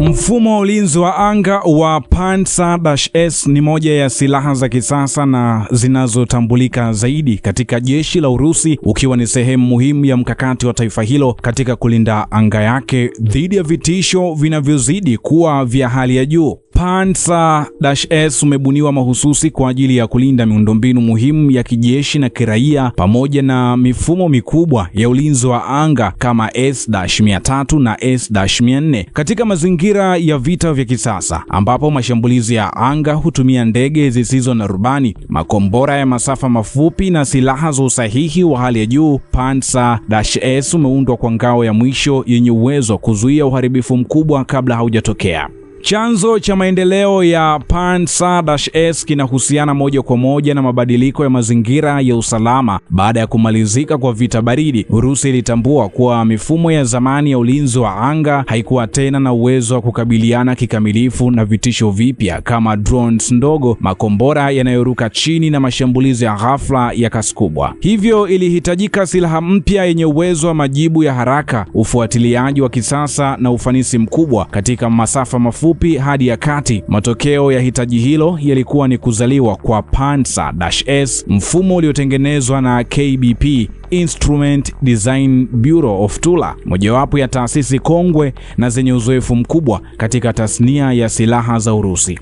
Mfumo wa ulinzi wa anga wa Pantsir-S ni moja ya silaha za kisasa na zinazotambulika zaidi katika jeshi la Urusi, ukiwa ni sehemu muhimu ya mkakati wa taifa hilo katika kulinda anga yake dhidi ya vitisho vinavyozidi kuwa vya hali ya juu. Pantsir-S umebuniwa mahususi kwa ajili ya kulinda miundombinu muhimu ya kijeshi na kiraia pamoja na mifumo mikubwa ya ulinzi wa anga kama S-300 na S-400 katika mazingira ya vita vya kisasa ambapo mashambulizi ya anga hutumia ndege zisizo na rubani, makombora ya masafa mafupi na silaha za usahihi wa hali ya juu. Pantsir-S umeundwa kwa ngao ya mwisho yenye uwezo kuzuia uharibifu mkubwa kabla haujatokea. Chanzo cha maendeleo ya Pantsir-S kinahusiana moja kwa moja na mabadiliko ya mazingira ya usalama. Baada ya kumalizika kwa vita baridi, Urusi ilitambua kuwa mifumo ya zamani ya ulinzi wa anga haikuwa tena na uwezo wa kukabiliana kikamilifu na vitisho vipya kama drones ndogo, makombora yanayoruka chini na mashambulizi ya ghafla ya kasi kubwa. Hivyo ilihitajika silaha mpya yenye uwezo wa majibu ya haraka, ufuatiliaji wa kisasa na ufanisi mkubwa katika masafa mafupi fupi hadi ya kati. Matokeo ya hitaji hilo yalikuwa ni kuzaliwa kwa Panzer-S, mfumo uliotengenezwa na KBP Instrument Design Bureau of Tula, mojawapo ya taasisi kongwe na zenye uzoefu mkubwa katika tasnia ya silaha za Urusi.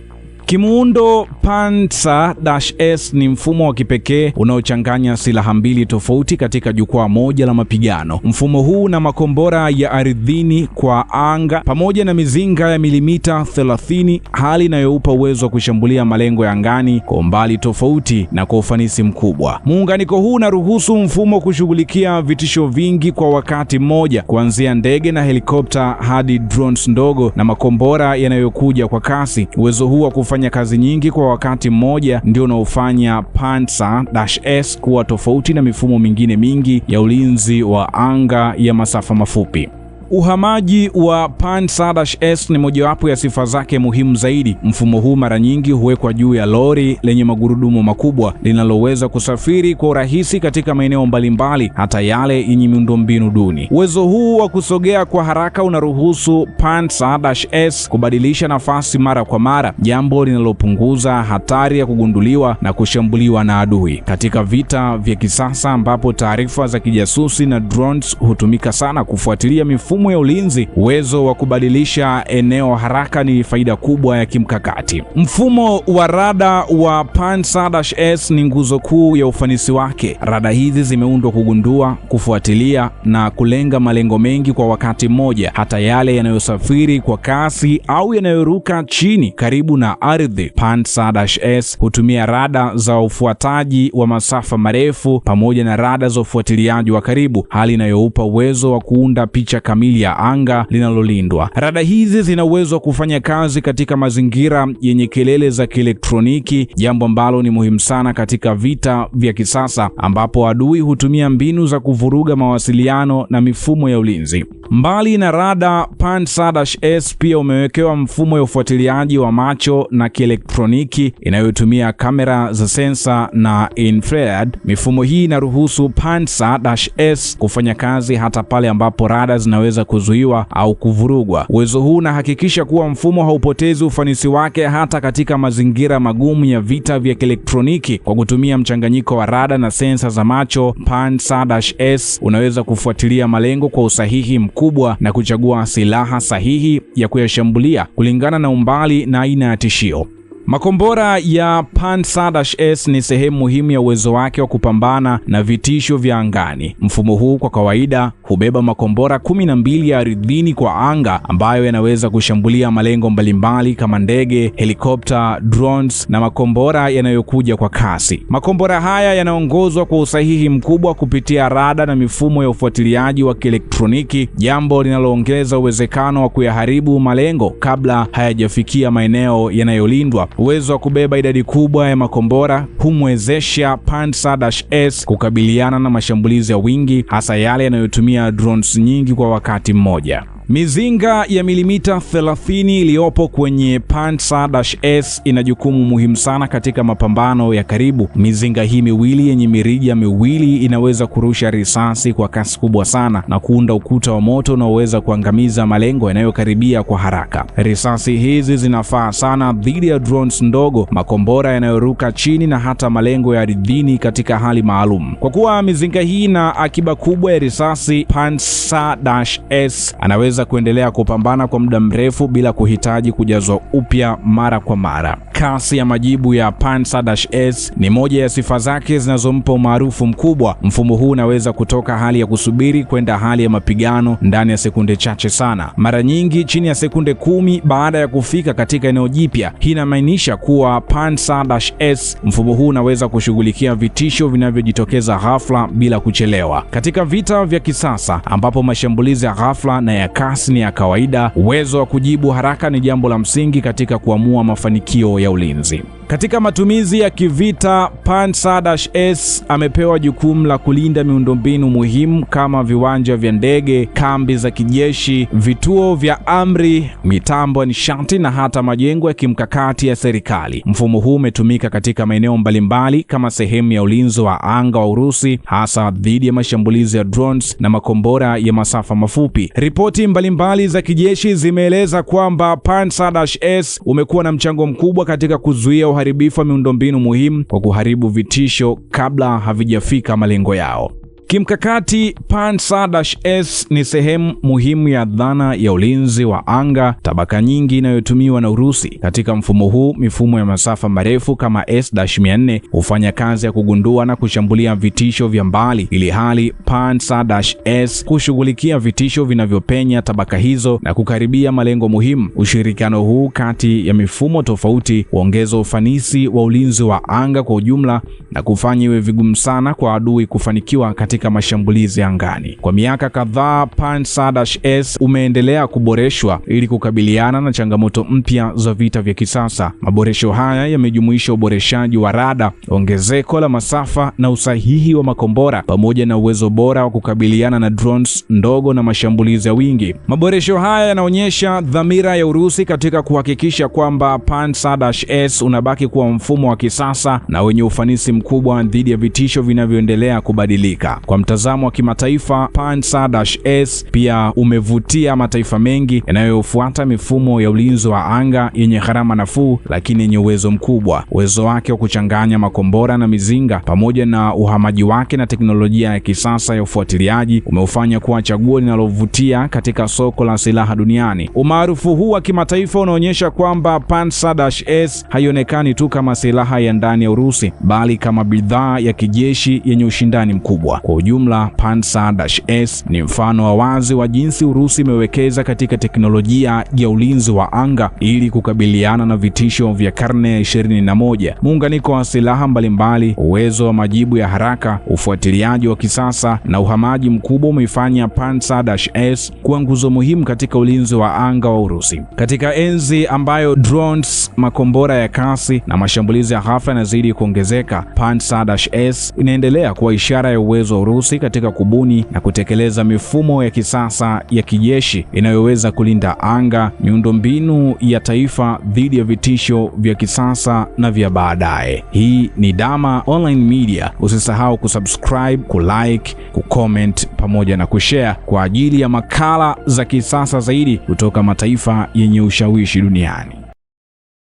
Kimuundo, Panzer-S ni mfumo wa kipekee unaochanganya silaha mbili tofauti katika jukwaa moja la mapigano. Mfumo huu una makombora ya ardhini kwa anga pamoja na mizinga ya milimita 30, hali inayoupa uwezo wa kushambulia malengo ya angani kwa umbali tofauti na kwa ufanisi mkubwa. Muunganiko huu unaruhusu mfumo kushughulikia vitisho vingi kwa wakati mmoja, kuanzia ndege na helikopta hadi drones ndogo na makombora yanayokuja kwa kasi. Uwezo huu wa kufanya kazi nyingi kwa wakati mmoja ndio unaofanya Pantsir-S kuwa tofauti na mifumo mingine mingi ya ulinzi wa anga ya masafa mafupi. Uhamaji wa Pansadash-S ni mojawapo ya sifa zake muhimu zaidi. Mfumo huu mara nyingi huwekwa juu ya lori lenye magurudumu makubwa linaloweza kusafiri kwa urahisi katika maeneo mbalimbali, hata yale yenye miundombinu duni. Uwezo huu wa kusogea kwa haraka unaruhusu Pansadash-S kubadilisha nafasi mara kwa mara, jambo linalopunguza hatari ya kugunduliwa na kushambuliwa na adui. Katika vita vya kisasa ambapo taarifa za kijasusi na drones hutumika sana kufuatilia mifumo mifumo ya ulinzi, uwezo wa kubadilisha eneo haraka ni faida kubwa ya kimkakati. Mfumo wa rada wa Pantsir-S ni nguzo kuu ya ufanisi wake. Rada hizi zimeundwa kugundua, kufuatilia na kulenga malengo mengi kwa wakati mmoja, hata yale yanayosafiri kwa kasi au yanayoruka chini karibu na ardhi. Pantsir-S hutumia rada za ufuataji wa masafa marefu pamoja na rada za ufuatiliaji wa karibu, hali inayoupa uwezo wa kuunda picha kamili kamili ya anga linalolindwa. Rada hizi zina uwezo wa kufanya kazi katika mazingira yenye kelele za kielektroniki, jambo ambalo ni muhimu sana katika vita vya kisasa ambapo adui hutumia mbinu za kuvuruga mawasiliano na mifumo ya ulinzi. Mbali na rada, Pantsir-S pia umewekewa mfumo ya ufuatiliaji wa macho na kielektroniki inayotumia kamera za sensa na infrared. Mifumo hii inaruhusu Pantsir-S kufanya kazi hata pale ambapo rada zinaweza kuweza kuzuiwa au kuvurugwa. Uwezo huu unahakikisha kuwa mfumo haupotezi ufanisi wake hata katika mazingira magumu ya vita vya kielektroniki. Kwa kutumia mchanganyiko wa rada na sensa za macho, PAN-S unaweza kufuatilia malengo kwa usahihi mkubwa na kuchagua silaha sahihi ya kuyashambulia kulingana na umbali na aina ya tishio. Makombora ya Pantsir-S ni sehemu muhimu ya uwezo wake wa kupambana na vitisho vya angani. Mfumo huu kwa kawaida hubeba makombora kumi na mbili ya ardhini kwa anga ambayo yanaweza kushambulia malengo mbalimbali kama ndege, helikopta, drones na makombora yanayokuja kwa kasi. Makombora haya yanaongozwa kwa usahihi mkubwa kupitia rada na mifumo ya ufuatiliaji wa kielektroniki, jambo linaloongeza uwezekano wa kuyaharibu malengo kabla hayajafikia maeneo yanayolindwa. Uwezo wa kubeba idadi kubwa ya makombora humwezesha Pantsir-S kukabiliana na mashambulizi ya wingi, hasa yale yanayotumia drones nyingi kwa wakati mmoja. Mizinga ya milimita 30 iliyopo kwenye Panzer-S ina jukumu muhimu sana katika mapambano ya karibu. Mizinga hii miwili yenye mirija miwili inaweza kurusha risasi kwa kasi kubwa sana na kuunda ukuta wa moto unaoweza kuangamiza malengo yanayokaribia kwa haraka. Risasi hizi zinafaa sana dhidi ya drones ndogo, makombora yanayoruka chini na hata malengo ya ardhini katika hali maalum. Kwa kuwa mizinga hii na akiba kubwa ya risasi, Panzer-S anaweza unaweza kuendelea kupambana kwa muda mrefu bila kuhitaji kujazwa upya mara kwa mara. Kasi ya majibu ya Panzer-S ni moja ya sifa zake zinazompa umaarufu mkubwa. Mfumo huu unaweza kutoka hali ya kusubiri kwenda hali ya mapigano ndani ya sekunde chache sana, mara nyingi chini ya sekunde kumi baada ya kufika katika eneo jipya. Hii inamaanisha kuwa Panzer-S, mfumo huu unaweza kushughulikia vitisho vinavyojitokeza ghafla bila kuchelewa. Katika vita vya kisasa ambapo mashambulizi ya ghafla na ya kasi ni ya kawaida. Uwezo wa kujibu haraka ni jambo la msingi katika kuamua mafanikio ya ulinzi. Katika matumizi ya kivita, Pantsir-S amepewa jukumu la kulinda miundombinu muhimu kama viwanja vya ndege, kambi za kijeshi, vituo vya amri, mitambo ya nishati na hata majengo ya kimkakati ya serikali. Mfumo huu umetumika katika maeneo mbalimbali kama sehemu ya ulinzi wa anga wa Urusi, hasa dhidi ya mashambulizi ya drones na makombora ya masafa mafupi. Ripoti mbalimbali za kijeshi zimeeleza kwamba Pantsir-S umekuwa na mchango mkubwa katika kuzuia uharibifu wa miundombinu muhimu kwa kuharibu vitisho kabla havijafika malengo yao. Kimkakati, Pantsir-S ni sehemu muhimu ya dhana ya ulinzi wa anga tabaka nyingi inayotumiwa na Urusi. Katika mfumo huu, mifumo ya masafa marefu kama S-400 hufanya kazi ya kugundua na kushambulia vitisho vya mbali, ili hali Pantsir-S kushughulikia vitisho vinavyopenya tabaka hizo na kukaribia malengo muhimu. Ushirikiano huu kati ya mifumo tofauti huongeza ufanisi wa ulinzi wa anga kwa ujumla na kufanya iwe vigumu sana kwa adui kufanikiwa katika katika mashambulizi angani. Kwa miaka kadhaa, Pantsir-S umeendelea kuboreshwa ili kukabiliana na changamoto mpya za vita vya kisasa. Maboresho haya yamejumuisha uboreshaji wa rada, ongezeko la masafa na usahihi wa makombora pamoja na uwezo bora wa kukabiliana na drones ndogo na mashambulizi ya wingi. Maboresho haya yanaonyesha dhamira ya Urusi katika kuhakikisha kwamba Pantsir-S unabaki kuwa mfumo wa kisasa na wenye ufanisi mkubwa dhidi ya vitisho vinavyoendelea kubadilika kwa mtazamo wa kimataifa Pantsir-S pia umevutia mataifa mengi yanayofuata mifumo ya ulinzi wa anga yenye gharama nafuu, lakini yenye uwezo mkubwa. Uwezo wake wa kuchanganya makombora na mizinga pamoja na uhamaji wake na teknolojia ya kisasa ya ufuatiliaji umeufanya kuwa chaguo linalovutia katika soko la silaha duniani. Umaarufu huu wa kimataifa unaonyesha kwamba Pantsir-S haionekani tu kama silaha ya ndani ya Urusi, bali kama bidhaa ya kijeshi yenye ushindani mkubwa. Kwa ujumla, Pantsir-S ni mfano wa wazi wa jinsi Urusi imewekeza katika teknolojia ya ulinzi wa anga ili kukabiliana na vitisho vya karne ya 21: muunganiko wa silaha mbalimbali, uwezo wa majibu ya haraka, ufuatiliaji wa kisasa na uhamaji mkubwa umeifanya Pantsir-S kuwa nguzo muhimu katika ulinzi wa anga wa Urusi. Katika enzi ambayo drones, makombora ya kasi na mashambulizi ya ghafla yanazidi kuongezeka, Pantsir-S inaendelea kuwa ishara ya uwezo Urusi katika kubuni na kutekeleza mifumo ya kisasa ya kijeshi inayoweza kulinda anga, miundombinu ya taifa dhidi ya vitisho vya kisasa na vya baadaye. Hii ni Dama Online Media. Usisahau kusubscribe, kulike, kucomment pamoja na kushare kwa ajili ya makala za kisasa zaidi kutoka mataifa yenye ushawishi duniani.